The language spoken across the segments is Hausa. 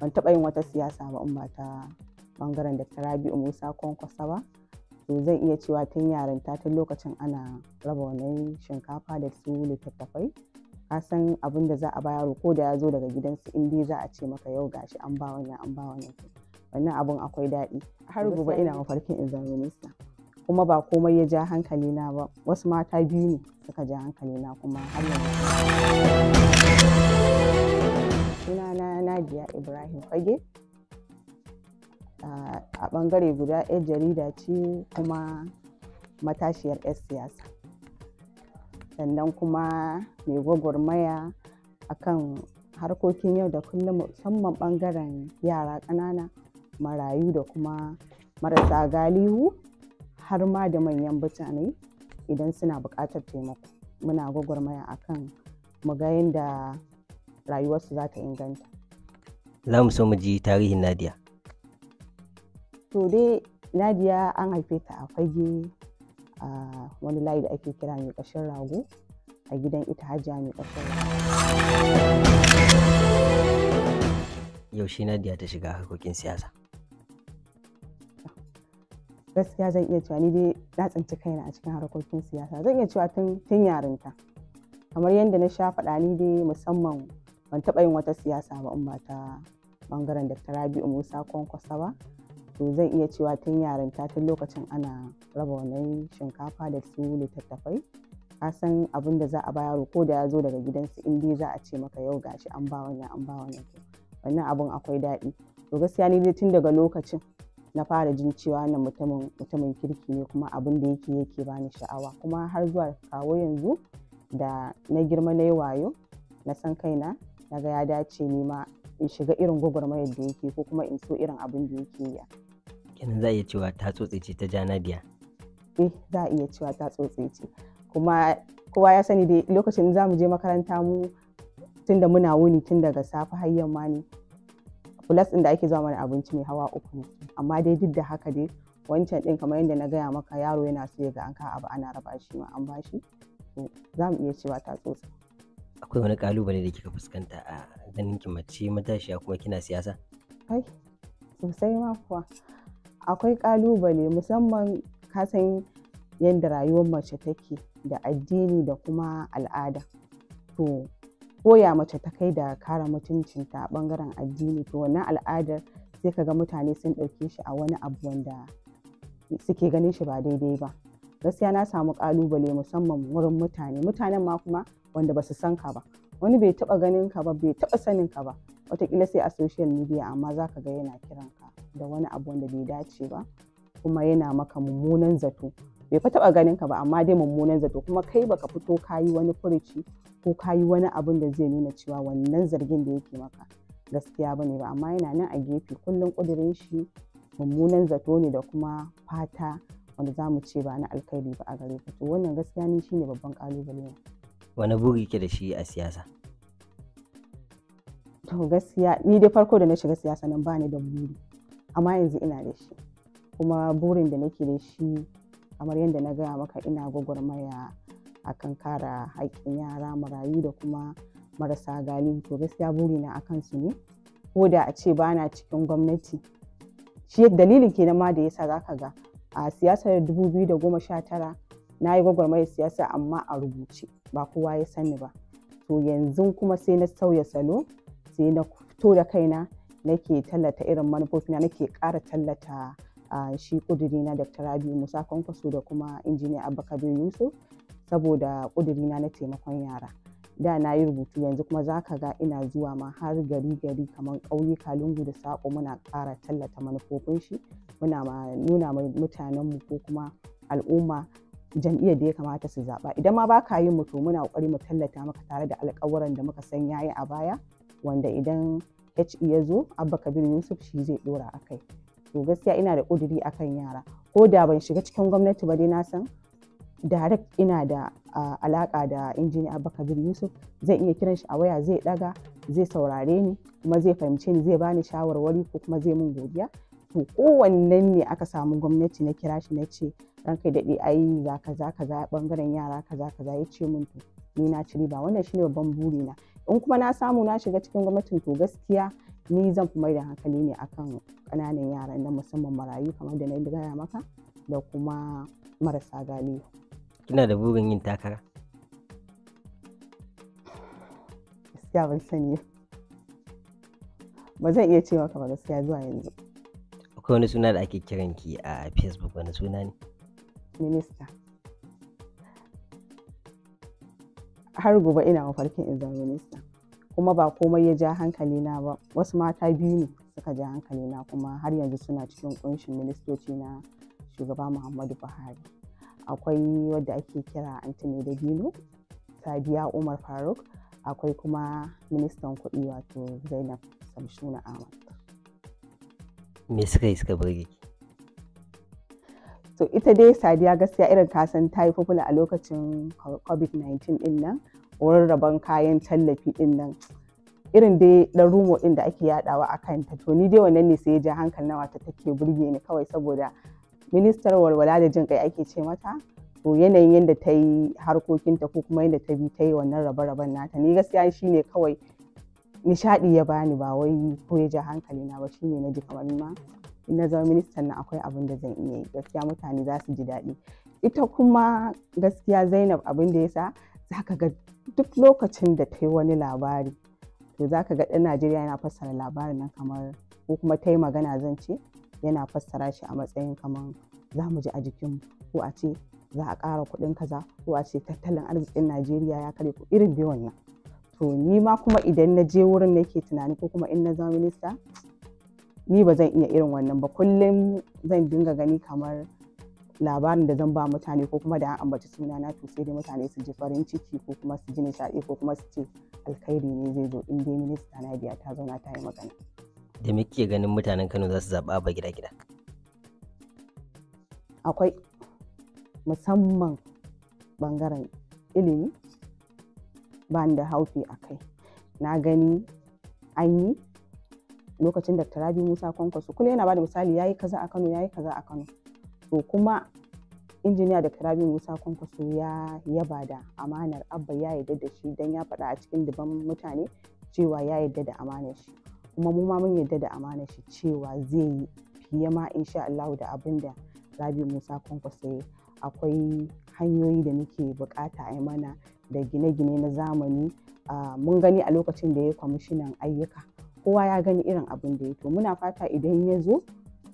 ban taɓa yin wata siyasa ba ba ta bangaren da ta rabi'u musa kwankwasa ba to zan iya cewa tun yarinta tun lokacin ana raba wannan shinkafa da su littattafai ka san abin da za a ba yaro ko da ya zo daga gidansu in dai za a ce maka yau gashi an ba wannan an ba wannan wannan abin akwai daɗi har gobe ina mafarkin in zama minista kuma ba komai ya ja hankali na ba wasu mata biyu ne suka ja hankali na kuma har yanzu sunana Nadia Ibrahim Fage. A ɓangare guda 'yar jarida ce kuma matashiyar 'yar siyasa. Sannan kuma mai gwagwarmaya a kan harkokin yau da kullum musamman ɓangaren yara ƙanana, marayu da kuma marasa galihu har ma da manyan mutane idan suna buƙatar taimako. Muna gwagwarmaya a kan mu ga yadda rayuwarsu za ta inganta za mu so mu ji tarihin nadiya to dai Nadia an haife ta a fage a wani layi da ake kira mai ƙashin rago a gidan ita hajiya mai ƙashin rago yaushe Nadia ta shiga harkokin siyasa gaskiya zan iya cewa ni dai na tsinci kaina a cikin harkokin siyasa zan iya cewa tun yarinta kamar yadda na sha faɗa ni dai musamman ban taɓa yin wata siyasa ba ba ta bangaren ta Rabi'u Musa Kwankwasa ba to zan iya cewa tun yaran ta tun lokacin ana raba wannan shinkafa da su littattafai ka san abin da za a ba yaro ko da ya zo daga gidansu in dai za a ce maka yau gashi an ba wannan an ba wannan wannan abin akwai daɗi to gaskiya ni dai tun daga lokacin na fara jin cewa wannan mutumin mutumin kirki ne kuma abin da yake yake bani sha'awa kuma har zuwa kawo yanzu da na girma na yi wayo na san kaina na ga ya dace ni ma in shiga irin gwagwarmayar da yake ko kuma in so irin abin da yake ya. kenan za a iya cewa ta tsotse ce ta Nadia. eh za a iya cewa ta tsotse ce kuma kowa ya sani da lokacin za mu je makaranta mu tun da muna wuni tun daga safe har yamma ne plus ɗin da ake zuwa mana abinci mai hawa uku ne amma dai duk da haka dai wancan ɗin kamar yadda na gaya maka yaro yana so ya ga an ka abu ana raba shi ma an bashi za mu iya cewa ta tsotse. akwai wani kalubale da kika fuskanta a ganin ki mace matashiya kuma kina siyasa Ai, sosai ma kuwa akwai kalubale musamman ka san yadda rayuwar mace take da addini da kuma al'ada to koya mace ta kai da kare mutuncinta a bangaren addini to wannan al'adar sai ka ga mutane sun ɗauke shi a wani abu wanda suke ganin shi ba daidai ba gaskiya na samu kalubale musamman wurin mutane mutanen ma kuma wanda ba su san ka ba wani bai taba ganin ka ba bai taba sanin ka ba watakila sai a social media amma za ka ga yana kiran ka da wani abu wanda bai dace ba kuma yana maka mummunan zato bai fa taba ganin ka ba amma dai mummunan zato kuma kai baka fito kayi wani furuci ko kayi wani abun da zai nuna cewa wannan zargin da yake maka gaskiya bane ba amma yana nan a gefe kullum kudirin shi mummunan zato ne da kuma fata wanda za mu ce ba na alkhairi ba a gare ka to wannan gaskiya ni shine babban kalubale ne wani buri ke da shi a siyasa to gaskiya ni dai farko da na shiga siyasa nan ba ni da buri amma yanzu ina da shi kuma burin da nake da shi kamar yadda na gaya maka ina gwagwarmaya akan kara haƙƙin yara marayu da kuma marasa galihu to gaskiya burina akan su ne ko da a ce bana cikin gwamnati shi dalilin kenan ma da yasa zaka ga a siyasar 2019 na yi gwagwarmayar siyasa amma a rubuce ba kowa ya sani ba to yanzu kuma sai na sauya salo sai na fito da kaina nake tallata irin manufofina nake ƙara tallata shi ƙudirina, da dr musa kwankwaso da kuma injiniya abba kabir yusuf saboda ƙudirina na taimakon yara da na yi rubutu yanzu kuma za ka ga ina zuwa ma har gari gari kamar ƙauyuka lungu da saƙo muna ƙara tallata manufofin shi muna nuna mutanen mutanenmu ko kuma al'umma jam'iyyar da ya kamata su zaɓa idan ma ba ka yin mutu muna ƙoƙari mu tallata maka tare da alƙawuran da muka san yayi a baya wanda idan HE ya zo Abba Kabir Yusuf shi zai ɗora a kai to gaskiya ina da ƙuduri akan yara ko da ban shiga cikin gwamnati ba dai na san direct ina da alaƙa da injini Abba Kabir Yusuf zan iya kiran shi a waya zai ɗaga zai saurare ni kuma zai fahimce ni zai bani shawarwari ko kuma zai min godiya to kowannen ne aka samu gwamnati na kira shi na ce ranka daɗe ai za ka za ka za ɓangaren yara ka za ka za ya ce mun to ni na ci riba wannan shine babban buri na in kuma na samu na shiga cikin gwamnatin to gaskiya ni zan fi mai da hankali ne akan ƙananan yara na musamman marayu kamar da na gaya maka da kuma marasa galihu. Kina da burin yin takara? Gaskiya ban sani ba zan iya cewa ka ba gaskiya zuwa yanzu. Akwai wani suna da ake kiran ki a Facebook wani suna ne? minista har gobe ina mafarkin in zama minista kuma ba komai ya ja hankali na ba wasu mata biyu ne suka ja hankali na kuma har yanzu suna cikin kunshin ministoci na shugaba muhammadu buhari akwai wadda ake kira antony dabino sadiya umar faruk akwai kuma ministan kuɗi wato zainab samshuna ahmad me suka yi suka burge so ita dai sadiya gaskiya irin kasan ta yi fufula a lokacin covid-19 din nan wurin rabon kayan tallafi din nan irin dai dan rumo din da ake yadawa a ta to ni dai wannan ne sai ya hankali na wata take burge ni kawai saboda ministar walwala da jin kai ake ce mata to yanayin yanda ta yi harkokinta ko kuma yanda ta bi ta yi wannan rabe-raben nata ni gaskiya shine kawai nishadi ya bani ba wai ko ya ja hankali na ba shine na ji kamar ma na zama ministan na akwai abin da zan iya yi gaskiya mutane za su ji daɗi ita kuma gaskiya zainab abin da ya sa za ka ga duk lokacin da ta yi wani labari to za ka ga ɗan najeriya yana fassara labarin nan kamar ko kuma ta yi magana zan ce yana fassara shi a matsayin kamar za mu ji a jikin ko a ce za a ƙara kuɗin kaza ko a ce tattalin arzikin najeriya ya kare ku irin dai wannan to ni ma kuma idan na je wurin nake tunani ko kuma in na zama minista ni ba zan iya irin wannan ba kullum zan dinga gani kamar labarin da zan ba mutane ko kuma da an ambaci suna na to sai dai mutane su ji farin ciki ko kuma su ji nishaɗi ko kuma su ce alkhairi ne zai zo in dai minista na biya ta zauna ta yi magana. Da muke ganin mutanen Kano za su zaɓa ba gida gida. Akwai musamman bangaren ilimi ba da haufi a kai. Na gani an yi lokacin da Rabi Musa Kwankwaso kullum yana bada misali yayi kaza a Kano yayi kaza a Kano to kuma injiniya da Rabi Musa Kwankwaso ya yaba da amanar Abba ya yarda da shi dan ya faɗa a cikin duban mutane cewa ya yarda da amanar shi kuma mu ma mun yarda da amanar shi cewa zai yi fiye ma insha Allah da abin da Rabi Musa Kwankwaso akwai hanyoyi da muke bukata a mana da gine-gine na zamani ah, mun gani a lokacin da ya yi kwamishinan ayyuka kowa ya gani irin abin da ya to muna fata idan ya zo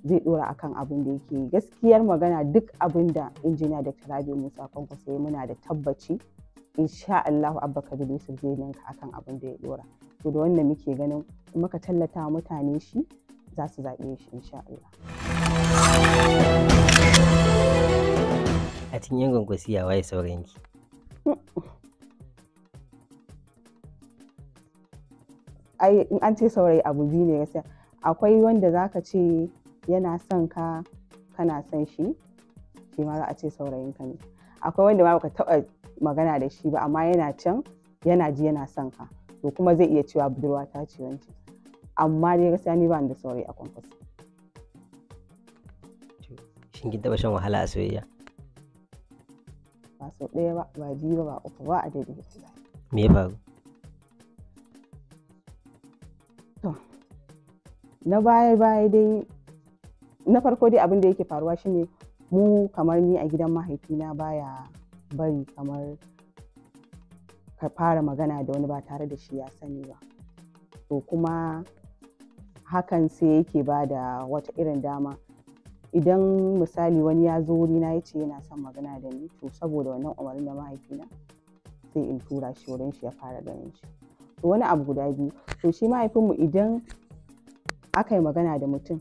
zai dora akan abin da yake yi gaskiyar magana duk abin da injiniya da rabi musa kwanko sai muna da tabbaci insha allahu abba bude su zai ninka akan abin da ya dora to da wannan muke ganin muka tallata mutane shi za su zaɓe shi insha allah a cikin yankin gwangwasi ya waye sauranki in an ce saurayi abu biyu ne gaskiya akwai wanda zaka ce yana son ka kana son shi shi ma za a ce saurayin ka ne akwai wanda ma baka taɓa magana da shi ba amma yana can yana ji yana son ka to kuma zai iya cewa budurwa ta ce wancan amma dai gaskiya ni ba ni da saurayi a kwankwas shin kin taɓa shan wahala a soyayya ba sau ɗaya ba ba biyu ba ba uku ba a daidai me ya faru na baya baya dai na farko dai abin da yake faruwa shine mu kamar ni a gidan mahaifina baya bari kamar ka fara magana da wani ba tare da shi ya sani ba to kuma hakan sai yake ba da wata irin dama idan misali wani ya zo wurina ya ce yana son magana da ni to saboda wannan umarnin da mahaifina sai in tura shi wurin shi ya fara ganin shi to wani abu guda biyu to shi mahaifinmu idan aka yi magana da mutum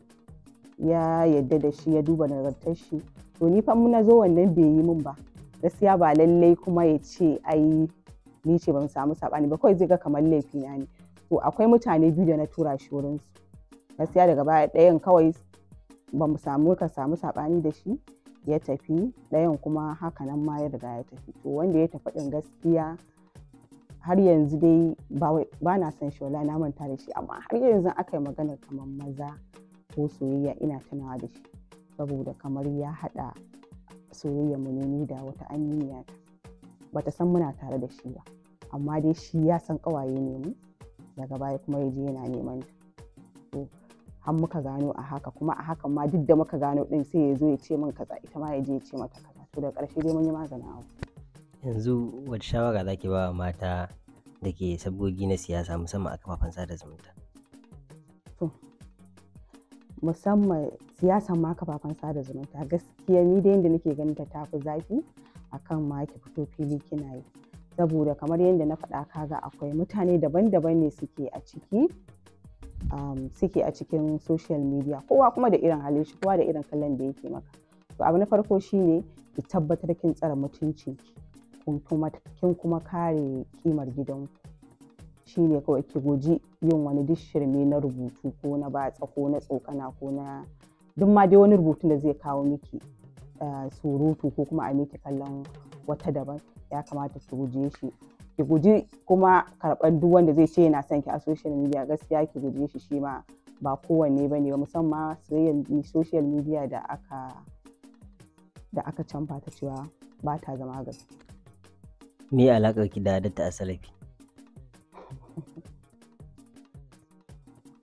ya yadda da shi ya duba nagartar shi to ni fa muna zo wannan bai yi min ba gaskiya ba lallai kuma ya ce ai ni ce ban samu sabani ba kawai zai ga kamar laifi na ne to akwai mutane biyu da na tura shi wurin su gaskiya daga baya ɗayan kawai ba mu samu ka samu saɓani da shi ya tafi ɗayan kuma hakanan ma ya riga ya tafi to wanda ya tafi ɗin gaskiya har yanzu dai ba na son shola na manta da shi amma har yanzu aka yi maganar kamar maza ko soyayya ina tunawa da shi saboda kamar ya haɗa soyayya mu ne da wata aminiya ta san muna tare da shi ba amma dai shi ya san kawaye ne mu daga baya kuma ya je yana neman to har muka gano a haka kuma a hakan ma duk da muka gano din sai ya zo ya ce min kaza ita ma ya je ya ce mata kaza to da ƙarshe dai mun yi maganin wasu. yanzu wata shawara za ki ba wa mata da ke sabgogi na siyasa musamman a kafafen sada zumunta musamman siyasan ma kafafen sada zumunta gaskiya ni da yadda nake ganin ta tafi zafi akan ma ki fito fili kina yi saboda kamar yadda na faɗa kaga akwai mutane daban-daban ne suke a ciki um, suke a cikin social media kowa kuma da irin halin shi kowa da irin kallon da yake maka to abu na farko shine ki tabbatar kin tsare mutuncinki kin kuma kare kimar gidanku shi ne kawai ki guji yin wani duk shirme na rubutu ko na batsa ko na tsokana ko na duk ma dai wani rubutun da zai kawo miki eh, surutu ko kuma a miki kallon wata daban ya kamata ki guje shi ki guji kuma karɓar duk wanda zai ce yana son ki a social media gaskiya ki guje shi shi ma ba kowanne ba ne musamman soyayyar social media da aka da aka canfa ta cewa ba ta zama gaskiya Me alaƙar ki da Hadatta salafi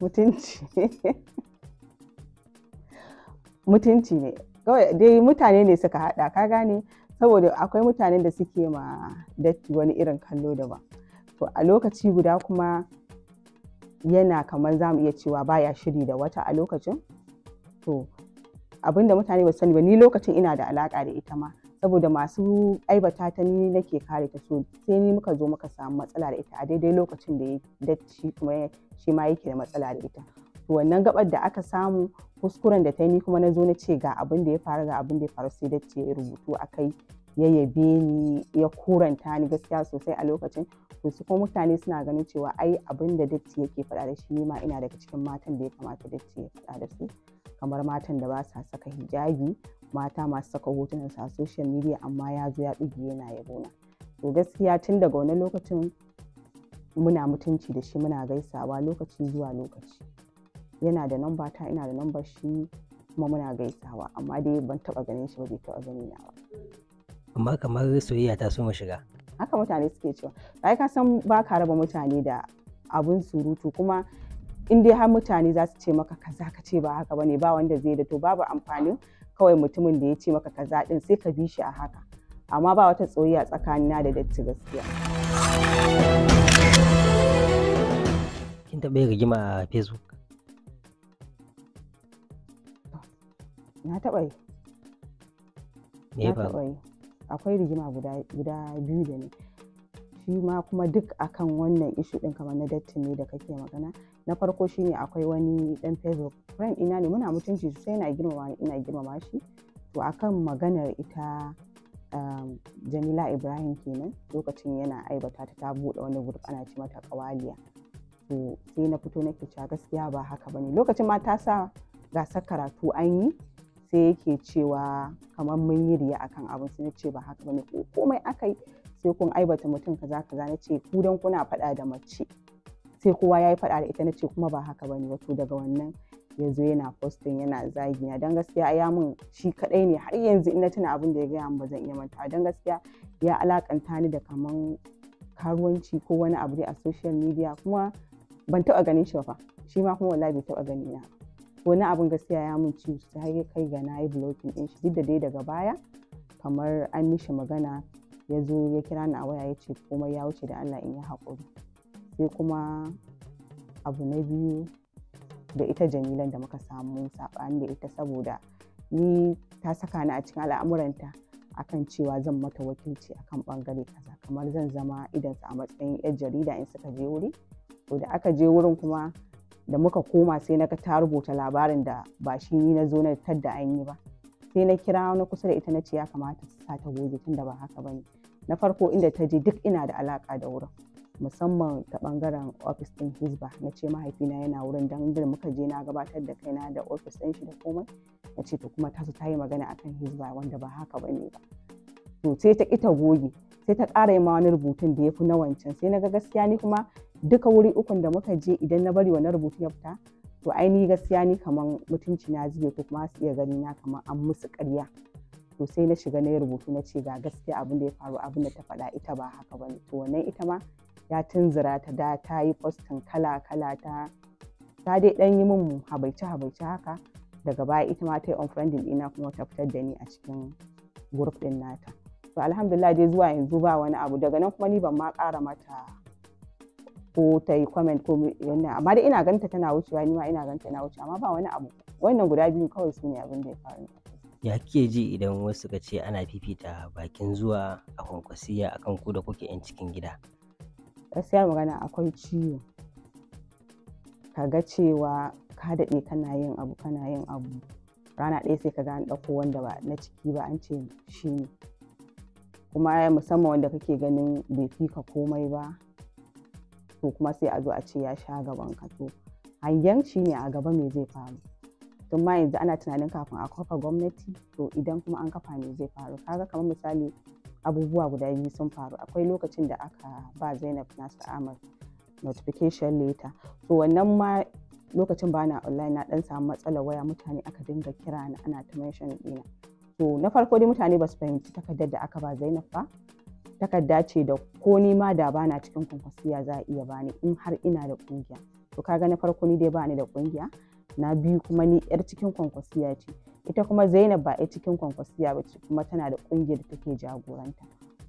Mutunci. Mutunci ne. Kawai dai mutane ne suka haɗa, ka gane? Saboda akwai mutanen da suke ma datti wani irin kallo daban. To a lokaci guda kuma yana kamar za mu iya cewa baya shiri da wata a lokacin. To abinda mutane ba sani ba ni lokacin ina da alaƙa da ita ma. saboda masu aibata ta ni nake kare ta so sai ni muka zo muka samu matsala da ita a daidai lokacin da ya shi kuma shi ma yake da matsala da ita to wannan gabar da aka samu kuskuren da ta ni kuma na zo na ce ga abin da ya faru ga abin da ya faru sai dacci ya rubutu a kai ya yabe ni ya kuranta ni gaskiya sosai a lokacin to su kuma mutane suna ganin cewa ai abin da datti yake faɗa da shi ni ma ina daga cikin matan da ya kamata datti ya faɗa da su kamar matan da ba sa saka hijabi mata masu saka hotunan a social media amma ya zo ya ɗige yana yabona to gaskiya tun daga wani lokacin muna mutunci da shi muna gaisawa lokaci zuwa lokaci yana da namba ta ina da namba shi kuma muna gaisawa amma dai ban taba ganin shi ba bai taba gani na ba amma kamar soyayya ta so mu shiga haka mutane suke cewa ai ka san ba ka raba mutane da abun surutu kuma in dai har mutane za su ce maka kaza ka ce ba haka bane ba wanda zai da to babu amfanin kawai mutumin da ya ce maka kaza din sai ka bi shi a haka amma ba wata tsoyayya tsakanina da datti gaskiya kin taɓa yin rigima a facebook na taɓa yi na taɓa yi akwai rigima guda biyu da ni shi ma kuma duk akan wannan ishu ɗin kamar na datti ne da kake magana na farko shine akwai wani dan facebook ran ina ne muna mutunci sosai ina girmama ina girmama shi to akan maganar ita um, Jamila Ibrahim kenan lokacin yana aibata ta ta buɗe wani gurbi ana ce mata kawaliya to sai na fito nake cewa gaskiya ba haka bane lokacin ma ta sa gasar karatu an yi sai yake cewa kamar mun yi riya akan abin sai ce ba haka bane ko komai aka sai kun aibata mutum kaza kaza na ce ku dan kuna faɗa da mace sai kowa ya yi faɗa da ita na ce kuma ba haka bane wato daga wannan ya zo yana fostin yana zagina don gaskiya ya mun shi kadai ne har yanzu ina tuna abin da ya gaya mu ba zan iya mantawa don gaskiya ya alakanta ni da kaman karuwanci ko wani abu dai a social media kuma ban taɓa ganin shi ba shi ma kuma wallahi bai taɓa gani na wani abin gaskiya ya mun ci ta har kai ga na yi blocking din shi duk da dai daga baya kamar an mishi magana ya zo ya kira ni a waya ya ce komai ya wuce da Allah in ya haƙuri sai kuma abu na biyu da ita jamilan da muka samu saɓani da ita saboda ni ta saka ni a cikin al'amuranta akan cewa zan mata wakilci a kan ɓangare kaza kamar zan zama idan a matsayin yar jarida in suka je wuri to da aka je wurin kuma da muka koma sai na ga ta rubuta labarin da ba shi ni na zo na tadda an yi ba sai na kira na kusa da ita na ce ya kamata su sa ta goge tun da ba haka ba ne na farko inda ta je duk ina da alaka da wurin musamman ta bangaren ofis din hizba na ce mahaifina yana wurin don da muka je na gabatar da kaina da ofis din shi da komai na ce to kuma tasu ta yi magana akan hizba wanda ba haka ba ne ba to sai ta ita goge sai ta ƙara ma wani rubutun da ya fi na wancan sai na ga gaskiya ni kuma duka wuri ukun da muka je idan na bari wani rubutu ya fita to ai ni gaskiya ni kaman mutunci na zube ko kuma su iya gani na kaman an musu karya. to sai na shiga na yi rubutu na ce ga gaskiya abin da ya faru abin da ta faɗa ita ba haka ba ne. to wannan ita ma ya tunzura ta da ta yi postin kala-kala ta ta dai ɗan yi mun habaice-habaice haka daga baya ita ma ta yi unfriending ina kuma ta fitar da ni a cikin group ɗin nata to alhamdulillah dai zuwa yanzu ba wani abu daga nan kuma ni ban ma ƙara mata ko ta yi comment ko yana amma dai ina ganta tana wucewa ni ma ina ganta tana wucewa amma ba wani abu wannan guda biyu kawai su ne abin da ya faru ya kike ji idan wasu ka ce ana fifita bakin zuwa a kwankwasiya akan ku da kuke 'yan cikin gida gaskiya magana akwai ciwo ka ga cewa ka daɗe kana yin abu kana yin abu rana ɗaya sai ka ga an ɗauko wanda ba na ciki ba an ce shi ne kuma musamman wanda kake ganin bai fi ka komai ba to kuma sai a zo a ce ya sha gaban ka to hangen shi ne a gaba me zai faru tun ma yanzu ana tunanin kafin a kafa gwamnati to idan kuma an kafa me zai faru kaga kamar misali abubuwa guda biyu sun faru akwai lokacin da aka ba zainab nasu amur notification later so wannan ma lokacin ba na online na dan samu matsalar waya mutane aka dinga kira na ana ta mention dina to na farko dai mutane ba su fahimci takardar da aka ba zainab ba takarda ce da ko ni ma da bana cikin kwankwasiya za a iya bani in har ina da kungiya to kaga na farko ni dai bani da kungiya na biyu kuma ni yar cikin kwankwasiya ce ita kuma zainab ba a cikin kwankwasiya ba ce kuma tana da ƙungiyar da take jagoranta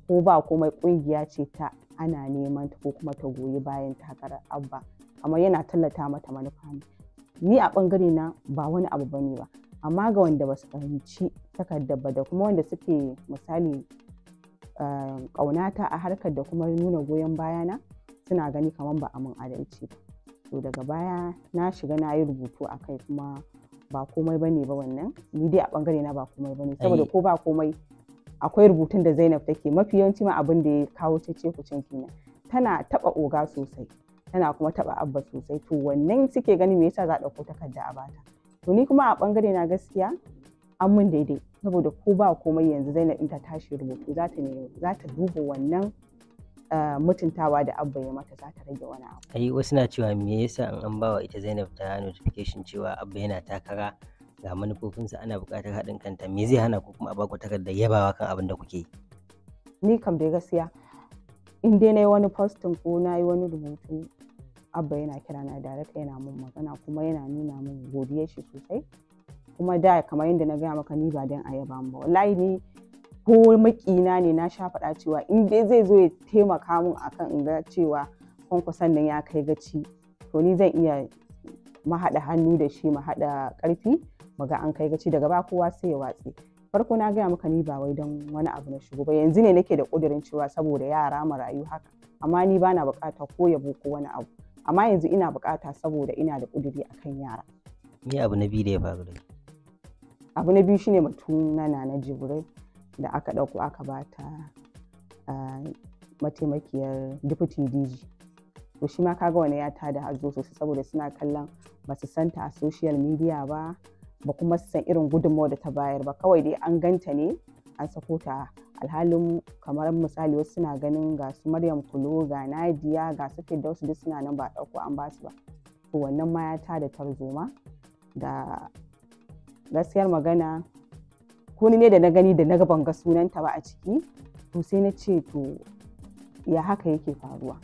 ko ba komai ƙungiya ce ta ana neman ta ko kuma ta goyi bayan takarar abba amma yana tallata mata manufa ne ni a bangare na ba wani abu bane ba amma ga wanda ba su fahimci takardar ba da kuma wanda suke misali eh, ƙaunata a harkar da kuma nuna goyon bayana suna gani kamar ba a adalci ba to daga baya na shiga na yi rubutu a kai kuma ba komai bane ba wannan ni dai a bangare na ba komai bane saboda ko ba komai akwai rubutun da Zainab take mafi yawanci ma abin da ya kawo cece kucin kenan tana taba oga sosai tana kuma taba abba sosai to wannan suke gani me yasa za dauko takarda a bata to ni kuma a bangare na gaskiya an mun daidai saboda ko ba komai yanzu Zainab in ta tashi rubutu za ta za ta duba wannan Eh, mutuntawa da abba ya mata za ta rage wani abu. Ai wasu na cewa me yasa an bawa ita Zainab ta notification cewa abba yana takara ga manufofinsa ana buƙatar haɗin kanta me zai hana ku kuma a baku takardar yabawa kan abin da kuke yi. Ni kam dai gaskiya in dai na yi wani postin ko na yi wani rubutu abba yana kira na direct yana mun magana kuma yana nuna mun godiyar shi sosai kuma da kamar yadda na gaya maka ni ba dan ayaba ba wallahi ni ko makina ne na sha faɗa cewa in dai zai zo ya taimaka mun akan in ga cewa kwankwason nan ya kai gaci to ni zan iya mahaɗa hannu da shi mahaɗa ƙarfi mu ga an kai gaci daga ba kowa sai ya watsi. farko na gaya maka ni ba wai don wani abu na shigo ba yanzu ne nake da ƙudurin cewa saboda yara marayu haka amma ni bana buƙata ko yabo ko wani abu amma yanzu ina buƙata saboda ina da ƙuduri akan yara ni abu na biyu da ya faru da abu na biyu shine mutum na na jibril da aka ɗauko aka ba ta mataimakiyar deputy DG. To shi ma kaga wani ya tada hazo sosai saboda suna kallon ba su santa a social media ba ba kuma su san irin gudunmawar da ta bayar ba kawai dai an ganta ne an sako ta alhalin kamar misali wasu suna ganin ga su maryam kulo ga nadiya ga su firdausu duk suna nan ba ɗauko an ba su ba to wannan ma ya tada tarzoma da gaskiyar magana wani ne da na gani da na banga ga sunanta ba a ciki to sai na ce to ya haka yake faruwa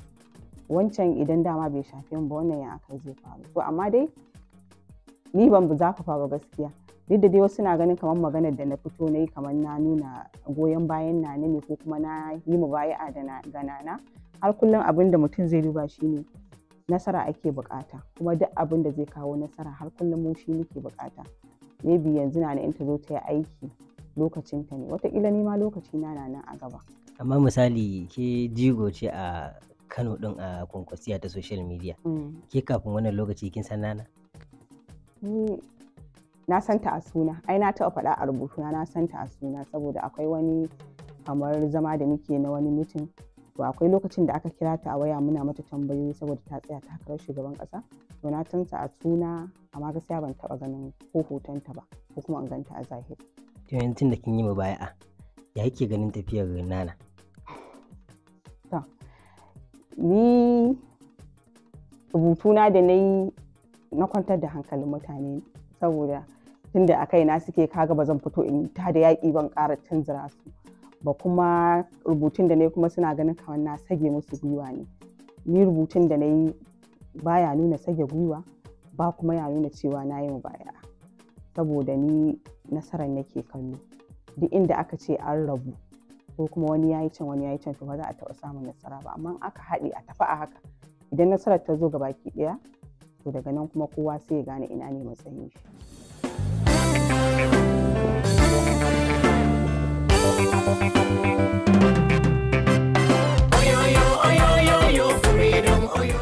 wancan idan dama bai shafi mu ba wannan ya aka zai faru to amma dai ni ban za ka faru gaskiya duk da dai wasu na ganin kamar maganar da na fito na yi kamar na nuna goyon bayan na ne ko kuma na yi mu baya da gana na har kullum abin da mutum zai duba shi ne nasara ake bukata kuma duk abin da zai kawo nasara har kullum mu shi muke bukata maybe yanzu na na ta zo ta yi aiki lokacinta ne watakila nima ma lokaci na nan a gaba amma misali ke jigo ce a kano din a kwankwasiya ta social media mm. ke kafin wannan lokaci kin san nana na santa a suna ai na taɓa faɗa a rubutuna na santa a suna saboda akwai wani kamar zama da muke na wani mutum to akwai lokacin da aka kira ta a waya muna mata tambayoyi saboda ta tsaya takarar shugaban ƙasa to na tanta a suna amma gaskiya ban taɓa ganin ko hotonta ba ko kuma an ganta a zahiri yayin tun da kin yi mu baya'a, ya kike ganin tafiyar nana to ni rubutuna da na yi na kwantar da hankalin mutane saboda tun da a kaina suke kaga ba zan fito in ta da yaƙi ban ƙara canzira su ba kuma rubutun da na kuma suna ganin kamar na sage musu gwiwa ne ni rubutun da na yi baya nuna sage gwiwa ba kuma ya nuna cewa na yi mu baya'a. saboda ni nasarar nake kallo duk inda aka ce an rabu ko kuma wani ya yi can wani ya yi can to ba za a taɓa samun nasara ba amma aka haɗe a tafi a haka idan nasarar ta zo ga baki ɗaya to daga nan kuma kowa sai ya gane ina ne matsayin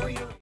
shi